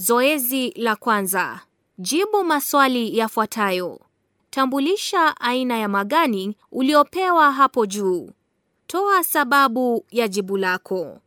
Zoezi la kwanza: jibu maswali yafuatayo. Tambulisha aina ya magani uliopewa hapo juu. Toa sababu ya jibu lako.